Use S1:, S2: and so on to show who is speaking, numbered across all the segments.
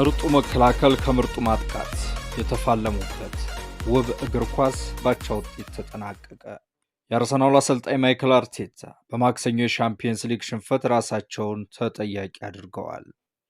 S1: ምርጡ መከላከል ከምርጡ ማጥቃት የተፋለሙበት ውብ እግር ኳስ ባቻ ውጤት ተጠናቀቀ። የአርሰናሉ አሰልጣኝ ማይክል አርቴታ በማክሰኞ የሻምፒየንስ ሊግ ሽንፈት ራሳቸውን ተጠያቂ አድርገዋል።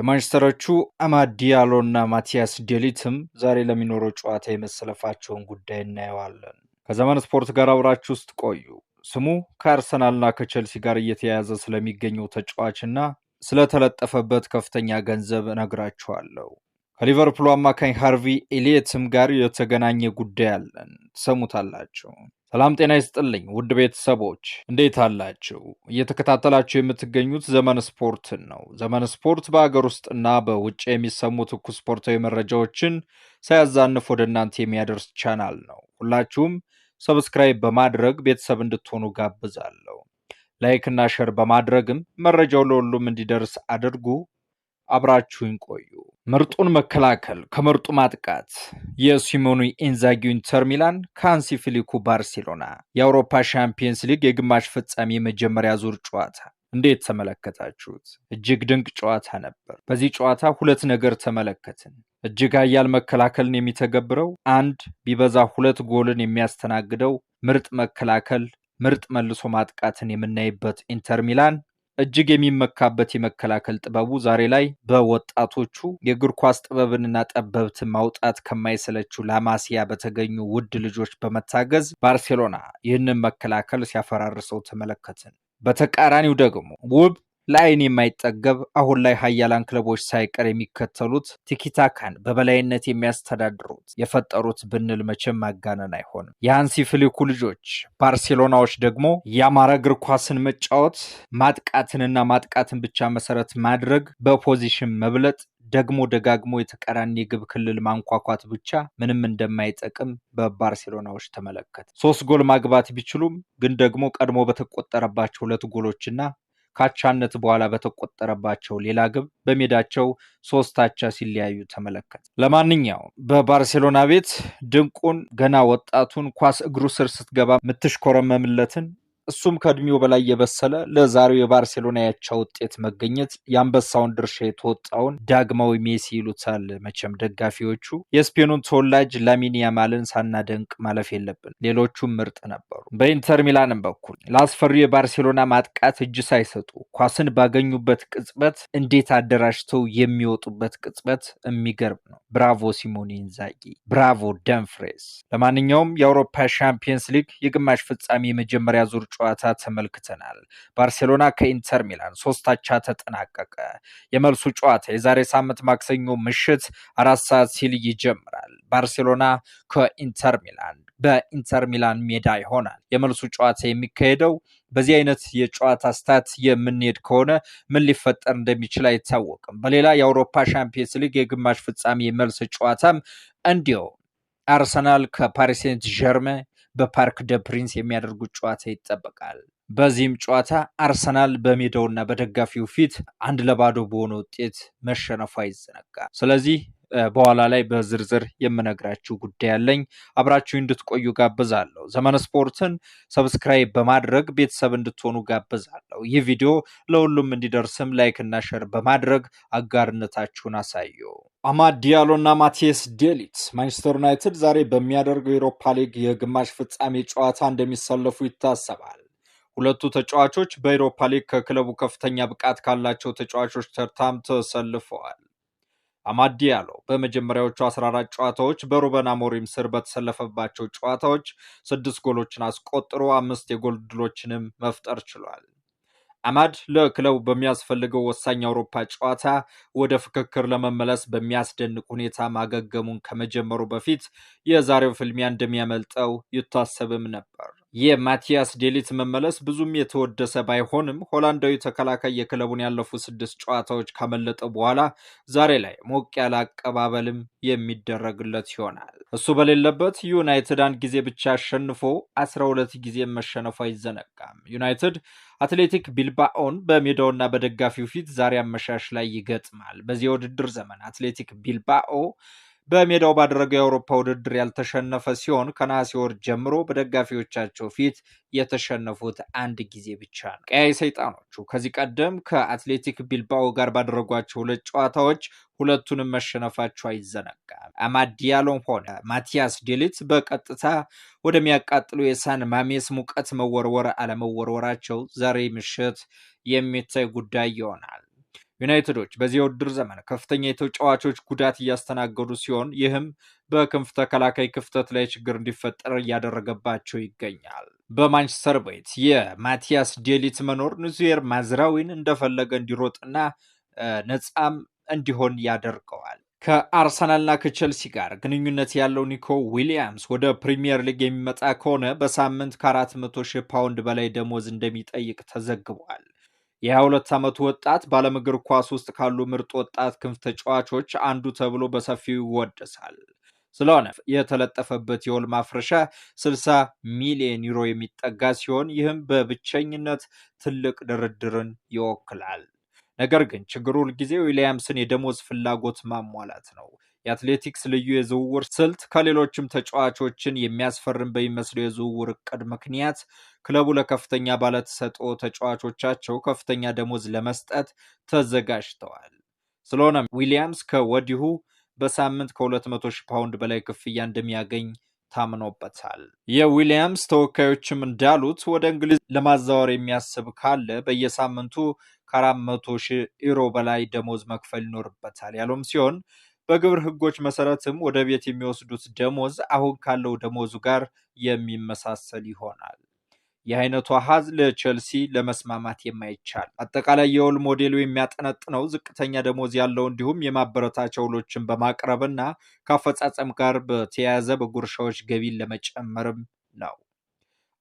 S1: የማንቸስተሮቹ አማዲያሎ እና ማቲያስ ዴሊትም ዛሬ ለሚኖረው ጨዋታ የመሰለፋቸውን ጉዳይ እናየዋለን። ከዘመን ስፖርት ጋር አብራችሁ ውስጥ ቆዩ። ስሙ ከአርሰናልና ከቸልሲ ጋር እየተያያዘ ስለሚገኘው ተጫዋችና ስለተለጠፈበት ከፍተኛ ገንዘብ እነግራችኋለሁ። ከሊቨርፑሉ አማካኝ ሃርቪ ኤሊየትም ጋር የተገናኘ ጉዳይ አለን፣ ትሰሙታላችሁ። ሰላም ጤና ይስጥልኝ ውድ ቤተሰቦች እንዴት አላችሁ? እየተከታተላችሁ የምትገኙት ዘመን ስፖርትን ነው። ዘመን ስፖርት በአገር ውስጥና በውጭ የሚሰሙ ትኩስ ስፖርታዊ መረጃዎችን ሳያዛንፍ ወደ እናንተ የሚያደርስ ቻናል ነው። ሁላችሁም ሰብስክራይብ በማድረግ ቤተሰብ እንድትሆኑ ጋብዛለሁ። ላይክና ሸር በማድረግም መረጃው ለሁሉም እንዲደርስ አድርጉ። አብራችሁን ቆዩ። ምርጡን መከላከል ከምርጡ ማጥቃት የሲሞኑ ኢንዛጊ ኢንተር ሚላን ከሃንሲ ፍሊኩ ባርሴሎና የአውሮፓ ሻምፒየንስ ሊግ የግማሽ ፍጻሜ የመጀመሪያ ዙር ጨዋታ እንዴት ተመለከታችሁት? እጅግ ድንቅ ጨዋታ ነበር። በዚህ ጨዋታ ሁለት ነገር ተመለከትን። እጅግ ኃያል መከላከልን የሚተገብረው አንድ ቢበዛ ሁለት ጎልን የሚያስተናግደው ምርጥ መከላከል ምርጥ መልሶ ማጥቃትን የምናይበት ኢንተር ሚላን እጅግ የሚመካበት የመከላከል ጥበቡ ዛሬ ላይ በወጣቶቹ የእግር ኳስ ጥበብንና ጠበብትን ማውጣት ከማይሰለችው ላማሲያ በተገኙ ውድ ልጆች በመታገዝ ባርሴሎና ይህንን መከላከል ሲያፈራርሰው ተመለከትን። በተቃራኒው ደግሞ ውብ ለአይን የማይጠገብ አሁን ላይ ሀያላን ክለቦች ሳይቀር የሚከተሉት ቲኪታካን በበላይነት የሚያስተዳድሩት የፈጠሩት ብንል መቼም ማጋነን አይሆንም። የሃንሲ ፍሊኩ ልጆች ባርሴሎናዎች ደግሞ የአማራ እግር ኳስን መጫወት፣ ማጥቃትንና ማጥቃትን ብቻ መሰረት ማድረግ፣ በፖዚሽን መብለጥ ደግሞ ደጋግሞ የተቃራኒ የግብ ክልል ማንኳኳት ብቻ ምንም እንደማይጠቅም በባርሴሎናዎች ተመለከት። ሶስት ጎል ማግባት ቢችሉም ግን ደግሞ ቀድሞ በተቆጠረባቸው ሁለት ጎሎችና ካቻነት በኋላ በተቆጠረባቸው ሌላ ግብ በሜዳቸው ሶስታቻ ሲለያዩ ተመለከተ። ለማንኛውም በባርሴሎና ቤት ድንቁን ገና ወጣቱን ኳስ እግሩ ስር ስትገባ ምትሽኮረመምለትን እሱም ከእድሜው በላይ የበሰለ ለዛሬው የባርሴሎና ያቻ ውጤት መገኘት የአንበሳውን ድርሻ የተወጣውን ዳግማዊ ሜሲ ይሉታል መቼም ደጋፊዎቹ። የስፔኑን ተወላጅ ላሚን ያማልን ሳናደንቅ ማለፍ የለብን። ሌሎቹም ምርጥ ነበሩ። በኢንተር ሚላንም በኩል ለአስፈሪው የባርሴሎና ማጥቃት እጅ ሳይሰጡ ኳስን ባገኙበት ቅጽበት እንዴት አደራጅተው የሚወጡበት ቅጽበት የሚገርም ነው። ብራቮ ሲሞኔ ኢንዛጊ፣ ብራቮ ደንፍሬስ። ለማንኛውም የአውሮፓ ሻምፒየንስ ሊግ የግማሽ ፍጻሜ የመጀመሪያ ዙር ጨዋታ ተመልክተናል። ባርሴሎና ከኢንተር ሚላን ሶስታቻ ተጠናቀቀ። የመልሱ ጨዋታ የዛሬ ሳምንት ማክሰኞ ምሽት አራት ሰዓት ሲል ይጀምራል። ባርሴሎና ከኢንተር ሚላን በኢንተር ሚላን ሜዳ ይሆናል የመልሱ ጨዋታ የሚካሄደው። በዚህ አይነት የጨዋታ ስታት የምንሄድ ከሆነ ምን ሊፈጠር እንደሚችል አይታወቅም። በሌላ የአውሮፓ ሻምፒየንስ ሊግ የግማሽ ፍጻሜ የመልስ ጨዋታም እንዲሁ አርሰናል ከፓሪሴንት ሴንት በፓርክ ደ ፕሪንስ የሚያደርጉት ጨዋታ ይጠበቃል። በዚህም ጨዋታ አርሰናል በሜዳውና በደጋፊው ፊት አንድ ለባዶ በሆነ ውጤት መሸነፉ አይዘነጋም። ስለዚህ በኋላ ላይ በዝርዝር የምነግራችሁ ጉዳይ አለኝ። አብራችሁ እንድትቆዩ ጋብዛለሁ። ዘመን ስፖርትን ሰብስክራይብ በማድረግ ቤተሰብ እንድትሆኑ ጋብዛለሁ። ይህ ቪዲዮ ለሁሉም እንዲደርስም ላይክ እና ሸር በማድረግ አጋርነታችሁን አሳዩ። አማድ ዲያሎ እና ማቴስ ዴሊት ማንቸስተር ዩናይትድ ዛሬ በሚያደርገው የአውሮፓ ሊግ የግማሽ ፍጻሜ ጨዋታ እንደሚሰለፉ ይታሰባል። ሁለቱ ተጫዋቾች በአውሮፓ ሊግ ከክለቡ ከፍተኛ ብቃት ካላቸው ተጫዋቾች ተርታም ተሰልፈዋል። አማድ ዲያሎ በመጀመሪያዎቹ 14 ጨዋታዎች በሩበን አሞሪም ስር በተሰለፈባቸው ጨዋታዎች ስድስት ጎሎችን አስቆጥሮ አምስት የጎል ዕድሎችንም መፍጠር ችሏል። አማድ ለክለቡ በሚያስፈልገው ወሳኝ አውሮፓ ጨዋታ ወደ ፍክክር ለመመለስ በሚያስደንቅ ሁኔታ ማገገሙን ከመጀመሩ በፊት የዛሬው ፍልሚያ እንደሚያመልጠው ይታሰብም ነበር። የማቲያስ ዴሊት መመለስ ብዙም የተወደሰ ባይሆንም ሆላንዳዊ ተከላካይ የክለቡን ያለፉ ስድስት ጨዋታዎች ካመለጠ በኋላ ዛሬ ላይ ሞቅ ያለ አቀባበልም የሚደረግለት ይሆናል። እሱ በሌለበት ዩናይትድ አንድ ጊዜ ብቻ አሸንፎ አስራ ሁለት ጊዜ መሸነፉ አይዘነጋም። ዩናይትድ አትሌቲክ ቢልባኦን በሜዳውና በደጋፊው ፊት ዛሬ አመሻሽ ላይ ይገጥማል። በዚህ የውድድር ዘመን አትሌቲክ ቢልባኦ በሜዳው ባደረገው የአውሮፓ ውድድር ያልተሸነፈ ሲሆን ከነሐሴ ወር ጀምሮ በደጋፊዎቻቸው ፊት የተሸነፉት አንድ ጊዜ ብቻ ነው። ቀያይ ሰይጣኖቹ ከዚህ ቀደም ከአትሌቲክ ቢልባኦ ጋር ባደረጓቸው ሁለት ጨዋታዎች ሁለቱንም መሸነፋቸው አይዘነጋም። አማድ ዲያሎም ሆነ ማቲያስ ዴሊት በቀጥታ ወደሚያቃጥሉ የሳን ማሜስ ሙቀት መወርወር አለመወርወራቸው ዛሬ ምሽት የሚታይ ጉዳይ ይሆናል። ዩናይትዶች በዚህ የውድድር ዘመን ከፍተኛ የተጫዋቾች ጉዳት እያስተናገዱ ሲሆን ይህም በክንፍ ተከላካይ ክፍተት ላይ ችግር እንዲፈጠር እያደረገባቸው ይገኛል። በማንቸስተር ቤት የማቲያስ ዴሊት መኖር ኑዚር ማዝራዊን እንደፈለገ እንዲሮጥና ነፃም እንዲሆን ያደርገዋል። ከአርሰናልና ከቸልሲ ጋር ግንኙነት ያለው ኒኮ ዊሊያምስ ወደ ፕሪምየር ሊግ የሚመጣ ከሆነ በሳምንት ከአራት መቶ ሺህ ፓውንድ በላይ ደሞዝ እንደሚጠይቅ ተዘግቧል። የ22 ዓመቱ ወጣት በዓለም እግር ኳስ ውስጥ ካሉ ምርጥ ወጣት ክንፍ ተጫዋቾች አንዱ ተብሎ በሰፊው ይወደሳል። ስለሆነ የተለጠፈበት የውል ማፍረሻ 60 ሚሊዮን ዩሮ የሚጠጋ ሲሆን ይህም በብቸኝነት ትልቅ ድርድርን ይወክላል። ነገር ግን ችግሩ ሁልጊዜ ዊሊያምስን የደሞዝ ፍላጎት ማሟላት ነው። የአትሌቲክስ ልዩ የዝውውር ስልት ከሌሎችም ተጫዋቾችን የሚያስፈርም በሚመስለው የዝውውር እቅድ ምክንያት ክለቡ ለከፍተኛ ባለተሰጥኦ ተጫዋቾቻቸው ከፍተኛ ደሞዝ ለመስጠት ተዘጋጅተዋል። ስለሆነም ዊሊያምስ ከወዲሁ በሳምንት ከ200 ሺህ ፓውንድ በላይ ክፍያ እንደሚያገኝ ታምኖበታል። የዊሊያምስ ተወካዮችም እንዳሉት ወደ እንግሊዝ ለማዛወር የሚያስብ ካለ በየሳምንቱ ከ400 ሺህ ዩሮ በላይ ደሞዝ መክፈል ይኖርበታል ያሉም ሲሆን በግብር ህጎች መሰረትም ወደ ቤት የሚወስዱት ደሞዝ አሁን ካለው ደሞዙ ጋር የሚመሳሰል ይሆናል። ይህ አይነቱ አሃዝ ለቼልሲ ለመስማማት የማይቻል አጠቃላይ የውል ሞዴሉ የሚያጠነጥነው ዝቅተኛ ደሞዝ ያለው እንዲሁም የማበረታቻ ውሎችን በማቅረብና ከአፈጻጸም ጋር በተያያዘ በጉርሻዎች ገቢን ለመጨመርም ነው።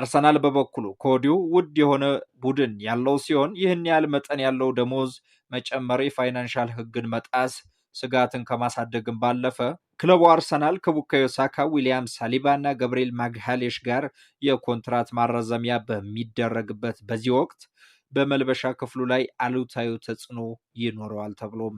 S1: አርሰናል በበኩሉ ከወዲሁ ውድ የሆነ ቡድን ያለው ሲሆን ይህን ያህል መጠን ያለው ደሞዝ መጨመር የፋይናንሻል ህግን መጣስ ስጋትን ከማሳደግም ባለፈ ክለቡ አርሰናል ከቡካዮ ሳካ፣ ዊሊያም ሳሊባ እና ገብርኤል ማግሃሌሽ ጋር የኮንትራት ማራዘሚያ በሚደረግበት በዚህ ወቅት በመልበሻ ክፍሉ ላይ አሉታዊ ተጽዕኖ ይኖረዋል ተብሎም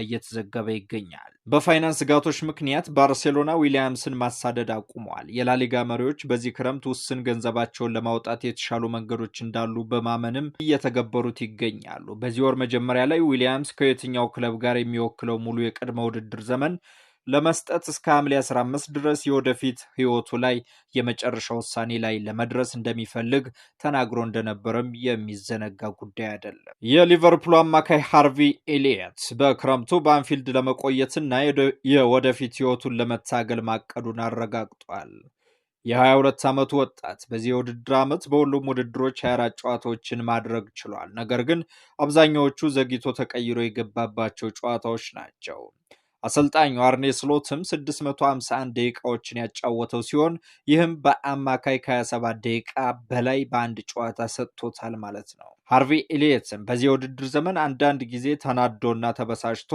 S1: እየተዘገበ ይገኛል። በፋይናንስ ስጋቶች ምክንያት ባርሴሎና ዊሊያምስን ማሳደድ አቁመዋል። የላሊጋ መሪዎች በዚህ ክረምት ውስን ገንዘባቸውን ለማውጣት የተሻሉ መንገዶች እንዳሉ በማመንም እየተገበሩት ይገኛሉ። በዚህ ወር መጀመሪያ ላይ ዊሊያምስ ከየትኛው ክለብ ጋር የሚወክለው ሙሉ የቅድመ ውድድር ዘመን ለመስጠት እስከ ሐምሌ 15 ድረስ የወደፊት ህይወቱ ላይ የመጨረሻ ውሳኔ ላይ ለመድረስ እንደሚፈልግ ተናግሮ እንደነበረም የሚዘነጋ ጉዳይ አይደለም። የሊቨርፑል አማካይ ሃርቪ ኤሊየት በክረምቱ በአንፊልድ ለመቆየትና የወደፊት ህይወቱን ለመታገል ማቀዱን አረጋግጧል። የ22 ዓመቱ ወጣት በዚህ የውድድር ዓመት በሁሉም ውድድሮች 24 ጨዋታዎችን ማድረግ ችሏል። ነገር ግን አብዛኛዎቹ ዘግይቶ ተቀይሮ የገባባቸው ጨዋታዎች ናቸው። አሰልጣኝ አርኔ ስሎትም 651 ደቂቃዎችን ያጫወተው ሲሆን ይህም በአማካይ ከ27 ደቂቃ በላይ በአንድ ጨዋታ ሰጥቶታል ማለት ነው። ሃርቪ ኤሊየትም በዚህ የውድድር ዘመን አንዳንድ ጊዜ ተናዶና ተበሳጭቶ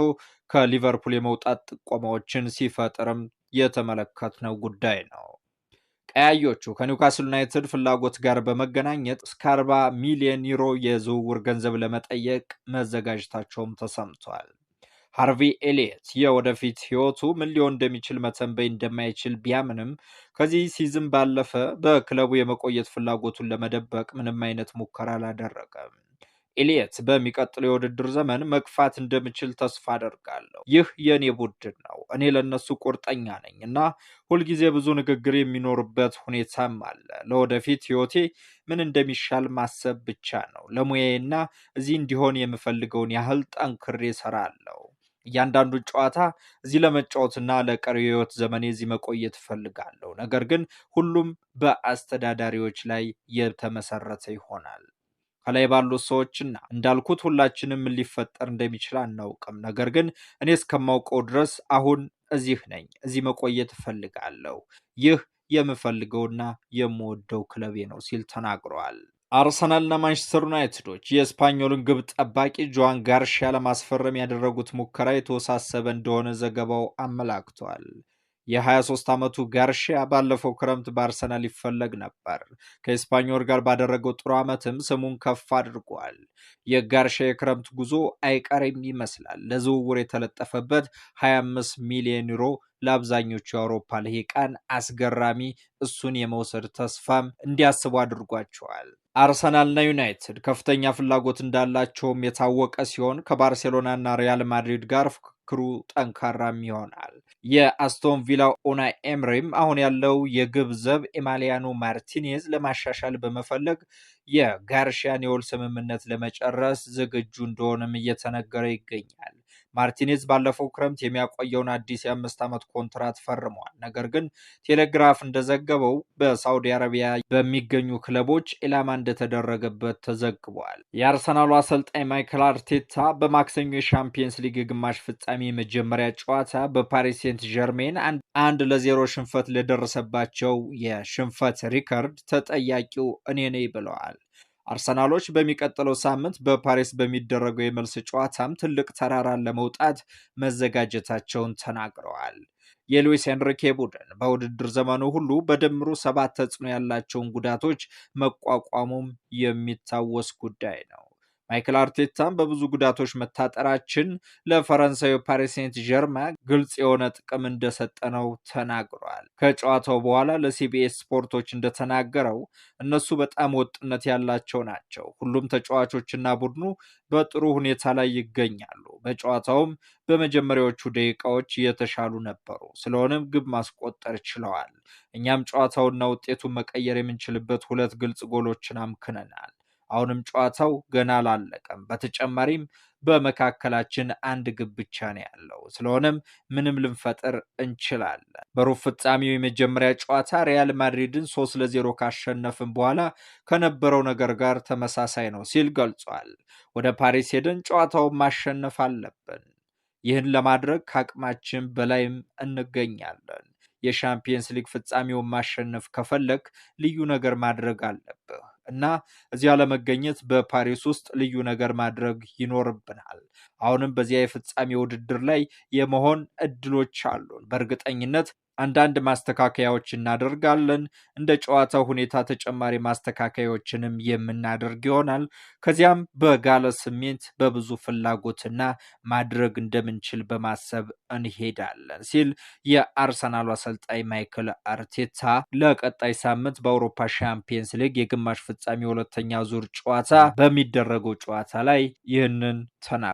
S1: ከሊቨርፑል የመውጣት ጥቆማዎችን ሲፈጥርም የተመለከትነው ጉዳይ ነው። ቀያዮቹ ከኒውካስል ዩናይትድ ፍላጎት ጋር በመገናኘት እስከ 40 ሚሊዮን ዩሮ የዝውውር ገንዘብ ለመጠየቅ መዘጋጀታቸውም ተሰምቷል። ሃርቪ ኤሊየት የወደፊት ህይወቱ ምን ሊሆን እንደሚችል መተንበይ እንደማይችል ቢያምንም ከዚህ ሲዝን ባለፈ በክለቡ የመቆየት ፍላጎቱን ለመደበቅ ምንም አይነት ሙከራ አላደረገም። ኤሊየት በሚቀጥለው የውድድር ዘመን መግፋት እንደምችል ተስፋ አደርጋለሁ። ይህ የእኔ ቡድን ነው። እኔ ለእነሱ ቁርጠኛ ነኝ እና ሁልጊዜ ብዙ ንግግር የሚኖርበት ሁኔታም አለ። ለወደፊት ህይወቴ ምን እንደሚሻል ማሰብ ብቻ ነው። ለሙያዬና እዚህ እንዲሆን የምፈልገውን ያህል ጠንክሬ እሰራለሁ። እያንዳንዱ ጨዋታ እዚህ ለመጫወትና ለቀሪ ህይወት ዘመኔ እዚህ መቆየት እፈልጋለሁ። ነገር ግን ሁሉም በአስተዳዳሪዎች ላይ የተመሰረተ ይሆናል። ከላይ ባሉት ሰዎችና እንዳልኩት ሁላችንም ሊፈጠር እንደሚችል አናውቅም። ነገር ግን እኔ እስከማውቀው ድረስ አሁን እዚህ ነኝ፣ እዚህ መቆየት እፈልጋለሁ። ይህ የምፈልገውና የምወደው ክለቤ ነው ሲል ተናግረዋል። አርሰናልና ማንቸስተር ዩናይትዶች የስፓኞልን ግብ ጠባቂ ጆዋን ጋርሺያ ለማስፈረም ያደረጉት ሙከራ የተወሳሰበ እንደሆነ ዘገባው አመላክቷል። የ23 ዓመቱ ጋርሺያ ባለፈው ክረምት በአርሰናል ይፈለግ ነበር። ከስፓኞል ጋር ባደረገው ጥሩ ዓመትም ስሙን ከፍ አድርጓል። የጋርሺያ የክረምት ጉዞ አይቀሬም ይመስላል። ለዝውውር የተለጠፈበት 25 ሚሊዮን ዩሮ ለአብዛኞቹ የአውሮፓ ልሂቃን አስገራሚ፣ እሱን የመውሰድ ተስፋም እንዲያስቡ አድርጓቸዋል። አርሰናልና ዩናይትድ ከፍተኛ ፍላጎት እንዳላቸውም የታወቀ ሲሆን ከባርሴሎናና ሪያል ማድሪድ ጋር ክሩ ጠንካራም ይሆናል። የአስቶን ቪላ ኡናይ ኤምሪም አሁን ያለው የግብ ዘብ ኤማሊያኖ ማርቲኔዝ ለማሻሻል በመፈለግ የጋርሺያን የውል ስምምነት ለመጨረስ ዝግጁ እንደሆነም እየተነገረ ይገኛል። ማርቲኔዝ ባለፈው ክረምት የሚያቆየውን አዲስ የአምስት ዓመት ኮንትራት ፈርመዋል። ነገር ግን ቴሌግራፍ እንደዘገበው በሳውዲ አረቢያ በሚገኙ ክለቦች ኢላማ እንደተደረገበት ተዘግቧል። የአርሰናሉ አሰልጣኝ ማይክል አርቴታ በማክሰኞ የሻምፒየንስ ሊግ ግማሽ ፍጻሜ የመጀመሪያ ጨዋታ በፓሪስ ሴንት ጀርሜን አንድ ለዜሮ ሽንፈት ለደረሰባቸው የሽንፈት ሪከርድ ተጠያቂው እኔ ነኝ ብለዋል። አርሰናሎች በሚቀጥለው ሳምንት በፓሪስ በሚደረገው የመልስ ጨዋታም ትልቅ ተራራን ለመውጣት መዘጋጀታቸውን ተናግረዋል። የሉዊስ ሄንሪኬ ቡድን በውድድር ዘመኑ ሁሉ በድምሩ ሰባት ተጽዕኖ ያላቸውን ጉዳቶች መቋቋሙም የሚታወስ ጉዳይ ነው። ማይክል አርቴታም በብዙ ጉዳቶች መታጠራችን ለፈረንሳዩ ፓሪሴንት ጀርማ ግልጽ የሆነ ጥቅም እንደሰጠ ነው ተናግሯል። ከጨዋታው በኋላ ለሲቢኤስ ስፖርቶች እንደተናገረው እነሱ በጣም ወጥነት ያላቸው ናቸው። ሁሉም ተጫዋቾችና ቡድኑ በጥሩ ሁኔታ ላይ ይገኛሉ። በጨዋታውም በመጀመሪያዎቹ ደቂቃዎች የተሻሉ ነበሩ። ስለሆነም ግብ ማስቆጠር ችለዋል። እኛም ጨዋታውና ውጤቱን መቀየር የምንችልበት ሁለት ግልጽ ጎሎችን አምክነናል። አሁንም ጨዋታው ገና አላለቀም። በተጨማሪም በመካከላችን አንድ ግብ ብቻ ነው ያለው። ስለሆነም ምንም ልንፈጥር እንችላለን። በሩብ ፍጻሜው የመጀመሪያ ጨዋታ ሪያል ማድሪድን ሶስት ለዜሮ ካሸነፍን በኋላ ከነበረው ነገር ጋር ተመሳሳይ ነው ሲል ገልጿል። ወደ ፓሪስ ሄደን ጨዋታውን ማሸነፍ አለብን። ይህን ለማድረግ ከአቅማችን በላይም እንገኛለን። የሻምፒየንስ ሊግ ፍጻሜውን ማሸነፍ ከፈለግ ልዩ ነገር ማድረግ አለብህ እና እዚያ ለመገኘት በፓሪስ ውስጥ ልዩ ነገር ማድረግ ይኖርብናል። አሁንም በዚያ የፍጻሜ ውድድር ላይ የመሆን እድሎች አሉን። በእርግጠኝነት አንዳንድ ማስተካከያዎች እናደርጋለን። እንደ ጨዋታው ሁኔታ ተጨማሪ ማስተካከያዎችንም የምናደርግ ይሆናል። ከዚያም በጋለ ስሜት በብዙ ፍላጎትና ማድረግ እንደምንችል በማሰብ እንሄዳለን ሲል የአርሰናሉ አሰልጣኝ ማይክል አርቴታ ለቀጣይ ሳምንት በአውሮፓ ሻምፒየንስ ሊግ የግማሽ ፍጻሜ ሁለተኛ ዙር ጨዋታ በሚደረገው ጨዋታ ላይ ይህንን ተናግሯል።